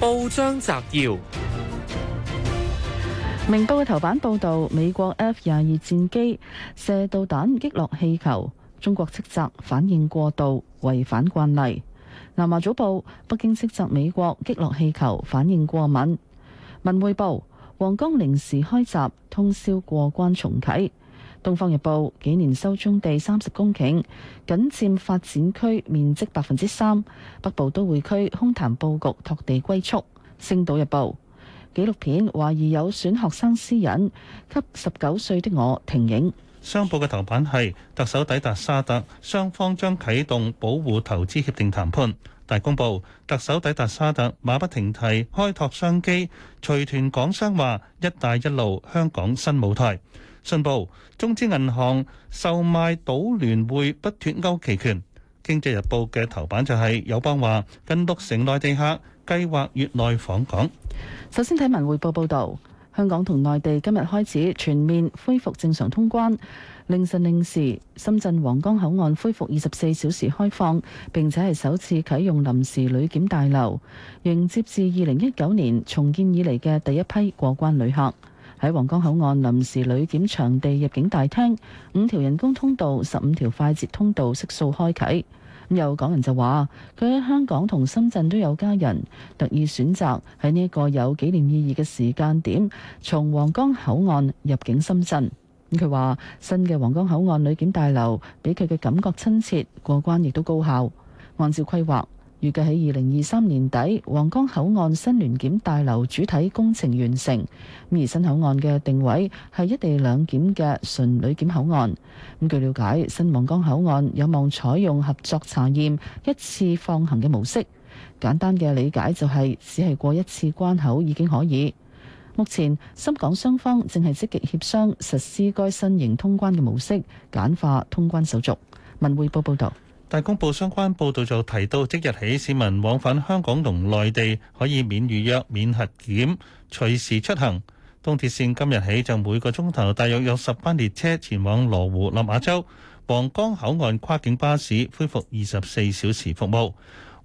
報章摘要：明報嘅頭版報道，美國 F 廿二戰機射導彈擊落氣球，中國斥責反應過度，違反慣例。南華早報，北京斥責美國擊落氣球反應過敏。文匯報，黃岡臨時開閘，通宵過關重啟。《東方日報》幾年收中地三十公頃，僅佔發展區面積百分之三。北部都會區空談佈局，拓地龜速。《星島日報》紀錄片懷疑有損學生私隱，給十九歲的我停映。商報嘅頭版係特首抵達沙特，雙方將啟動保護投資協定談判。大公報特首抵達沙特，馬不停蹄開拓商機。隨團港商話：「一帶一路，香港新舞台。」信報：中資銀行售賣賭聯會不脫鈎期權。經濟日報嘅頭版就係友邦話，近六成內地客計劃月內訪港。首先睇文匯報報導，香港同內地今日開始全面恢復正常通關。凌晨零時，深圳皇崗口岸恢復二十四小時開放，並且係首次啟用臨時旅檢大樓，迎接自二零一九年重建以嚟嘅第一批過關旅客。喺皇崗口岸臨時旅檢場地入境大廳，五條人工通道、十五條快捷通道悉數開啟。有港人就話佢喺香港同深圳都有家人，特意選擇喺呢一個有紀念意義嘅時間點，從皇崗口岸入境深圳。佢話新嘅皇崗口岸旅檢大樓俾佢嘅感覺親切，過關亦都高效。按照規劃。預計喺二零二三年底，皇崗口岸新聯檢大樓主體工程完成。而新口岸嘅定位係一地兩檢嘅純旅檢口岸。咁據了解，新皇崗口岸有望採用合作查驗、一次放行嘅模式。簡單嘅理解就係、是、只係過一次關口已經可以。目前深港雙方正係積極協商實施該新型通關嘅模式，簡化通關手續。文匯報報道。大公報相關報導就提到，即日起市民往返香港同內地可以免預約、免核檢、隨時出行。東鐵線今日起就每個鐘頭大約有十班列車前往羅湖、落馬洲，皇崗口岸跨境巴士恢復二十四小時服務。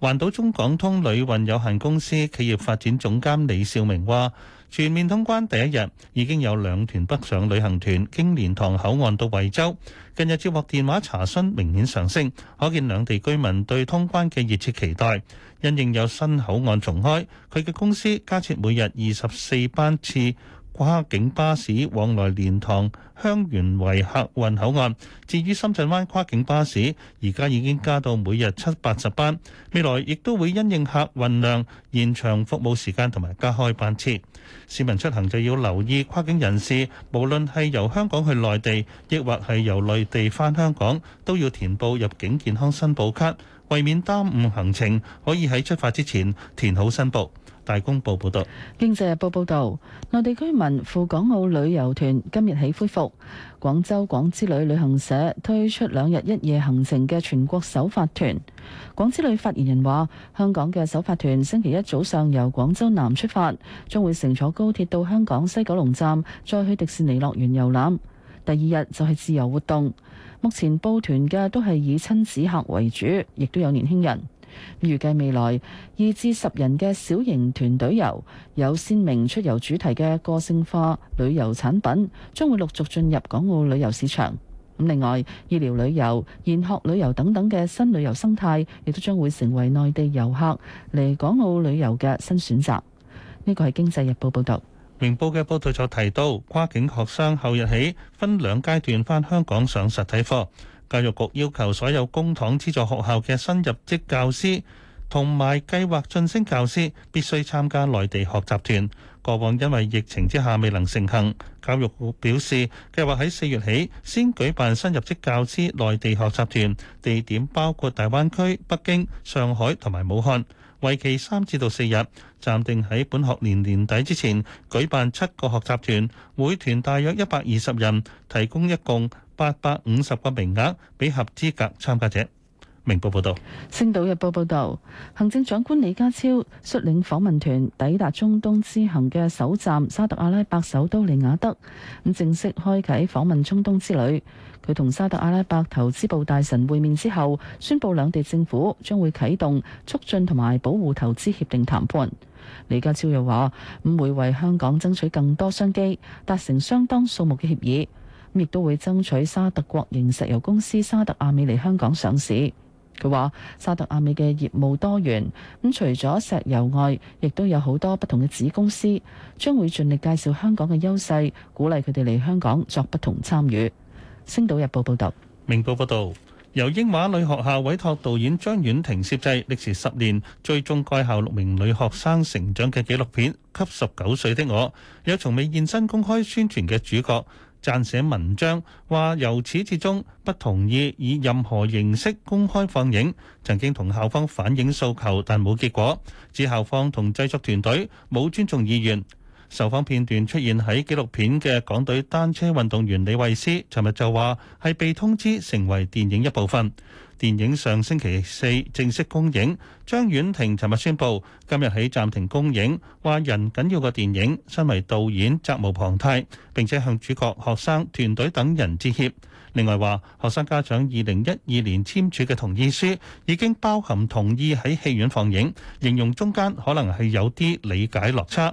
環島中港通旅運有限公司企業發展總監李少明話。全面通關第一日已經有兩團北上旅行團經蓮塘口岸到惠州。近日接獲電話查詢明顯上升，可見兩地居民對通關嘅熱切期待。因應有新口岸重開，佢嘅公司加設每日二十四班次跨境巴士往來蓮塘香園圍客運口岸。至於深圳灣跨境巴士，而家已經加到每日七八十班，未來亦都會因應客運量延長服務時間同埋加開班次。市民出行就要留意跨境人士，無論係由香港去內地，亦或係由內地返香港，都要填報入境健康申報卡，為免耽誤行程，可以喺出發之前填好申報。大公報報道，《經濟日報》報道，內地居民赴港澳旅遊團今日起恢復。廣州廣之旅旅行社推出兩日一夜行程嘅全國首發團。廣之旅發言人話，香港嘅首發團星期一早上由廣州南出發，將會乘坐高鐵到香港西九龍站，再去迪士尼樂園遊覽。第二日就係自由活動。目前報團嘅都係以親子客為主，亦都有年輕人。預計未來二至十人嘅小型團隊遊，有鮮明出遊主題嘅個性化旅遊產品，將會陸續進入港澳旅遊市場。咁另外，醫療旅遊、研學旅遊等等嘅新旅遊生態，亦都將會成為內地遊客嚟港澳旅遊嘅新選擇。呢個係《經濟日報》報道。明報嘅報道就提到，跨境學生後日起分兩階段返香港上實體課。教育局要求所有公帑資助學校嘅新入職教師同埋計劃晉升教師必須參加內地學習團。過往因為疫情之下未能成行，教育局表示計劃喺四月起先舉辦新入職教師內地學習團，地點包括大灣區、北京、上海同埋武漢，為期三至到四日，暫定喺本學年年底之前舉辦七個學習團，每團大約一百二十人，提供一共。八百五十個名額俾合資格參加者。明報報道，星島日報報道，行政長官李家超率領訪問團抵達中東之行嘅首站沙特阿拉伯首都利雅德，咁正式開啟訪問中東之旅。佢同沙特阿拉伯投資部大臣會面之後，宣佈兩地政府將會啟動促進同埋保護投資協定談判。李家超又話，唔會為香港爭取更多商機，達成相當數目嘅協議。亦都會爭取沙特國營石油公司沙特阿美嚟香港上市。佢話：沙特阿美嘅業務多元，咁除咗石油外，亦都有好多不同嘅子公司，將會盡力介紹香港嘅優勢，鼓勵佢哋嚟香港作不同參與。星島日報報導，明報報導，由英華女學校委託導演張婉婷攝製，歷時十年，追蹤該校六名女學生成長嘅紀錄片《給十九歲的我》，有從未現身公開宣傳嘅主角。撰寫文章話由始至終不同意以任何形式公開放映，曾經同校方反映訴求，但冇結果，指校方同製作團隊冇尊重意願。受訪片段出現喺紀錄片嘅港隊單車運動員李慧詩，尋日就話係被通知成為電影一部分。電影上星期四正式公映，張婉婷尋日宣布今日起暫停公映，話人緊要嘅電影，身為導演責無旁貸，並且向主角、學生、團隊等人致歉。另外話，學生家長二零一二年簽署嘅同意書已經包含同意喺戲院放映，形容中間可能係有啲理解落差。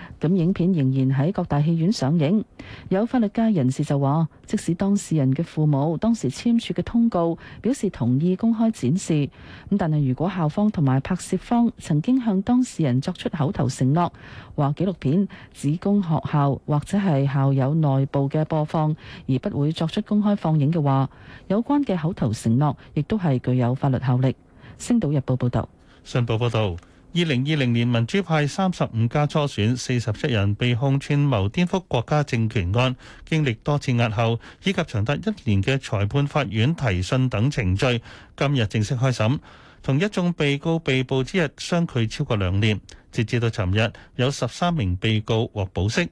咁影片仍然喺各大戲院上映。有法律界人士就話，即使當事人嘅父母當時簽署嘅通告表示同意公開展示，咁但係如果校方同埋拍攝方曾經向當事人作出口頭承諾，話紀錄片只供學校或者係校友內部嘅播放，而不會作出公開放映嘅話，有關嘅口頭承諾亦都係具有法律效力。星島日報報道。新報報導。二零二零年民主派三十五家初選，四十七人被控串謀顛覆國家政權案，經歷多次押後以及長達一年嘅裁判法院提訊等程序，今日正式開審。同一眾被告被捕之日相距超過兩年，直至到尋日，有十三名被告獲保釋。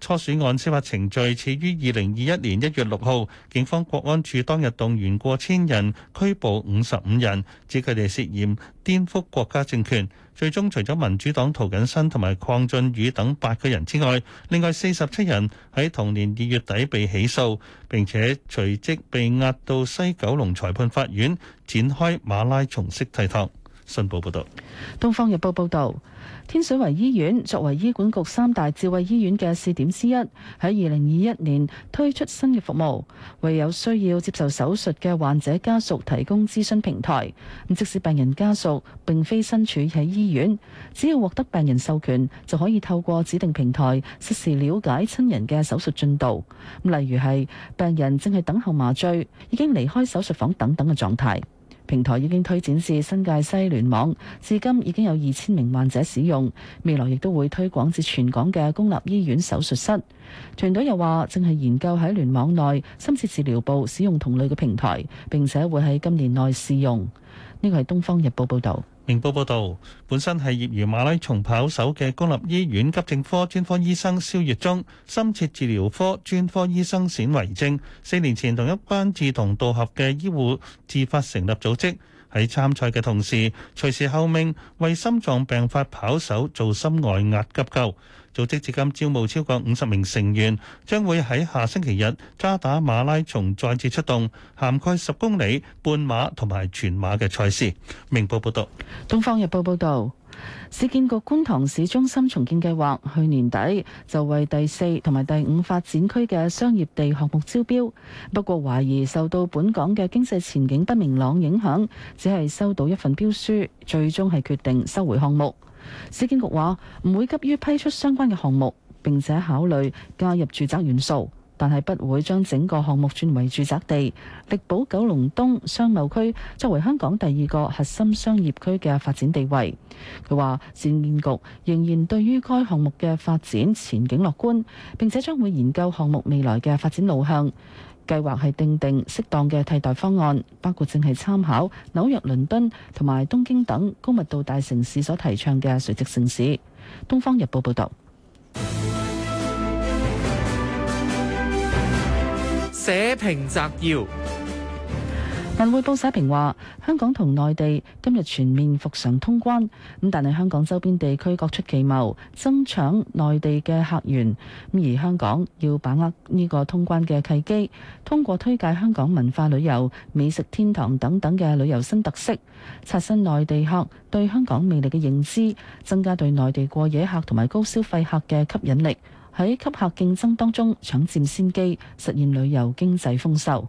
初選案司法程序始於二零二一年一月六號，警方國安處當日動員過千人，拘捕五十五人，指佢哋涉嫌顛覆國家政權。最終除咗民主黨涂謹申同埋鄺俊宇等八個人之外，另外四十七人喺同年二月底被起訴，並且隨即被押到西九龍裁判法院展開馬拉松式提堂。新報報道：《東方日報》報道，天水圍醫院作為醫管局三大智慧醫院嘅試點之一，喺二零二一年推出新嘅服務，為有需要接受手術嘅患者家屬提供諮詢平台。咁即使病人家屬並非身處喺醫院，只要獲得病人授權，就可以透過指定平台實時了解親人嘅手術進度。例如係病人正係等候麻醉，已經離開手術房等等嘅狀態。平台已經推展至新界西聯網，至今已經有二千名患者使用。未來亦都會推廣至全港嘅公立醫院手術室。團隊又話，正係研究喺聯網內深切治療部使用同類嘅平台，並且會喺今年內試用。呢個係《東方日報》報導。明報報道，本身係業餘馬拉松跑手嘅公立醫院急症科專科醫生蕭粵中，深切治療科專科醫生冼維正，四年前同一班志同道合嘅醫護自發成立組織，喺參賽嘅同時隨時候命為心臟病發跑手做心外壓急救。組織至今招募超過五十名成員，將會喺下星期日渣打馬拉松再次出動，涵蓋十公里、半馬同埋全馬嘅賽事。明報報導。《東方日報》報導，市建局觀塘市中心重建計劃去年底就為第四同埋第五發展區嘅商業地項目招標，不過懷疑受到本港嘅經濟前景不明朗影響，只係收到一份標書，最終係決定收回項目。市建局話唔會急於批出相關嘅項目，並且考慮加入住宅元素，但係不會將整個項目轉為住宅地，力保九龍東商貿區作為香港第二個核心商業區嘅發展地位。佢話，市建局仍然對於該項目嘅發展前景樂觀，並且將會研究項目未來嘅發展路向。計劃係訂定適當嘅替代方案，包括淨係參考紐約、倫敦同埋東京等高密度大城市所提倡嘅垂直城市。《東方日報》報導。社評摘要。文匯報社評話，香港同內地今日全面復常通關，咁但係香港周邊地區各出奇謀，爭搶內地嘅客源，咁而香港要把握呢個通關嘅契機，通過推介香港文化旅遊、美食天堂等等嘅旅遊新特色，刷新內地客對香港魅力嘅認知，增加對內地過夜客同埋高消費客嘅吸引力，喺吸客競爭當中搶佔先機，實現旅遊經濟豐收。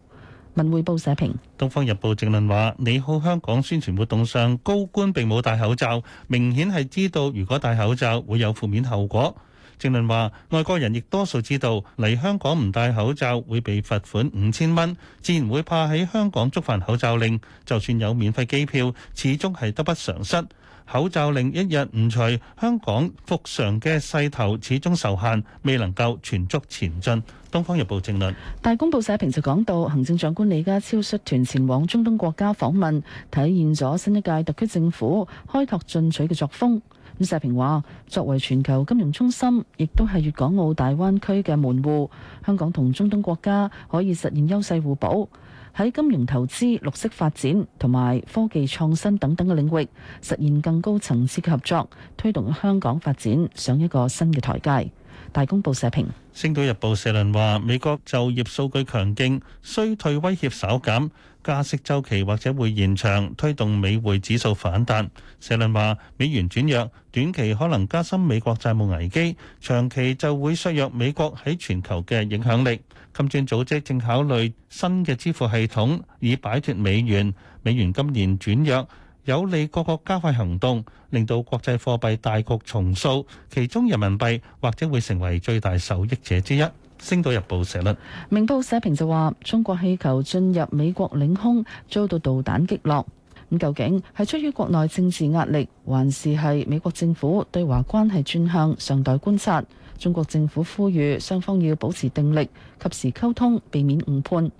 文匯報社評：東方日報正論話，你好香港宣傳活動上高官並冇戴口罩，明顯係知道如果戴口罩會有負面後果。正論話，外國人亦多數知道嚟香港唔戴口罩會被罰款五千蚊，自然會怕喺香港觸犯口罩令，就算有免費機票，始終係得不償失。口罩令一日唔除，香港復常嘅勢頭始終受限，未能夠全速前進。東方日報評論。大公報社評就講到，行政長官李家超率團前往中東國家訪問，體現咗新一屆特區政府開拓進取嘅作風，咁社評話，作為全球金融中心，亦都係粵港澳大灣區嘅門戶，香港同中東國家可以實現優勢互補。喺金融投資、綠色發展同埋科技創新等等嘅領域，實現更高層次嘅合作，推動香港發展上一個新嘅台階。大公報社評，星島日報社論話：美國就業數據強勁，衰退威脅稍減，加息周期或者會延長，推動美匯指數反彈。社論話：美元轉弱，短期可能加深美國債務危機，長期就會削弱美國喺全球嘅影響力。金磚組織正考慮新嘅支付系統以擺脱美元。美元今年轉弱。有利各國加快行動，令到國際貨幣大局重塑，其中人民幣或者會成為最大受益者之一。星島日報社論，明報社評就話：中國氣球進入美國領空遭到導彈擊落，咁究竟係出於國內政治壓力，還是係美國政府對華關係轉向，尚待觀察。中國政府呼籲雙方要保持定力，及時溝通，避免誤判。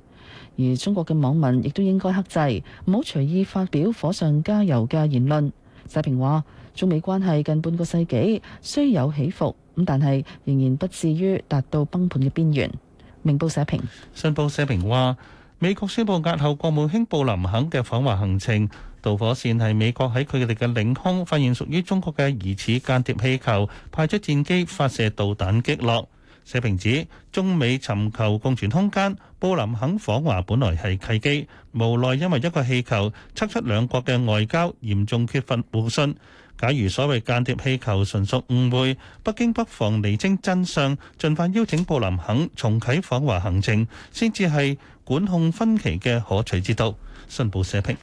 而中國嘅網民亦都應該克制，唔好隨意發表火上加油嘅言論。社評話：中美關係近半個世紀雖有起伏，咁但係仍然不至於達到崩盤嘅邊緣。明報社評，信報社評話：美國宣布押後國務卿布林肯嘅訪華行程，導火線係美國喺佢哋嘅領空發現屬於中國嘅疑似間諜氣球，派出戰機發射導彈擊落。社評指，中美尋求共存空間，布林肯訪華本來係契機，無奈因為一個氣球，測出兩國嘅外交嚴重缺乏互信。假如所謂間諜氣球純屬誤會，北京不妨釐清真相，盡快邀請布林肯重啟訪華行程，先至係管控分歧嘅可取之道。信報社評。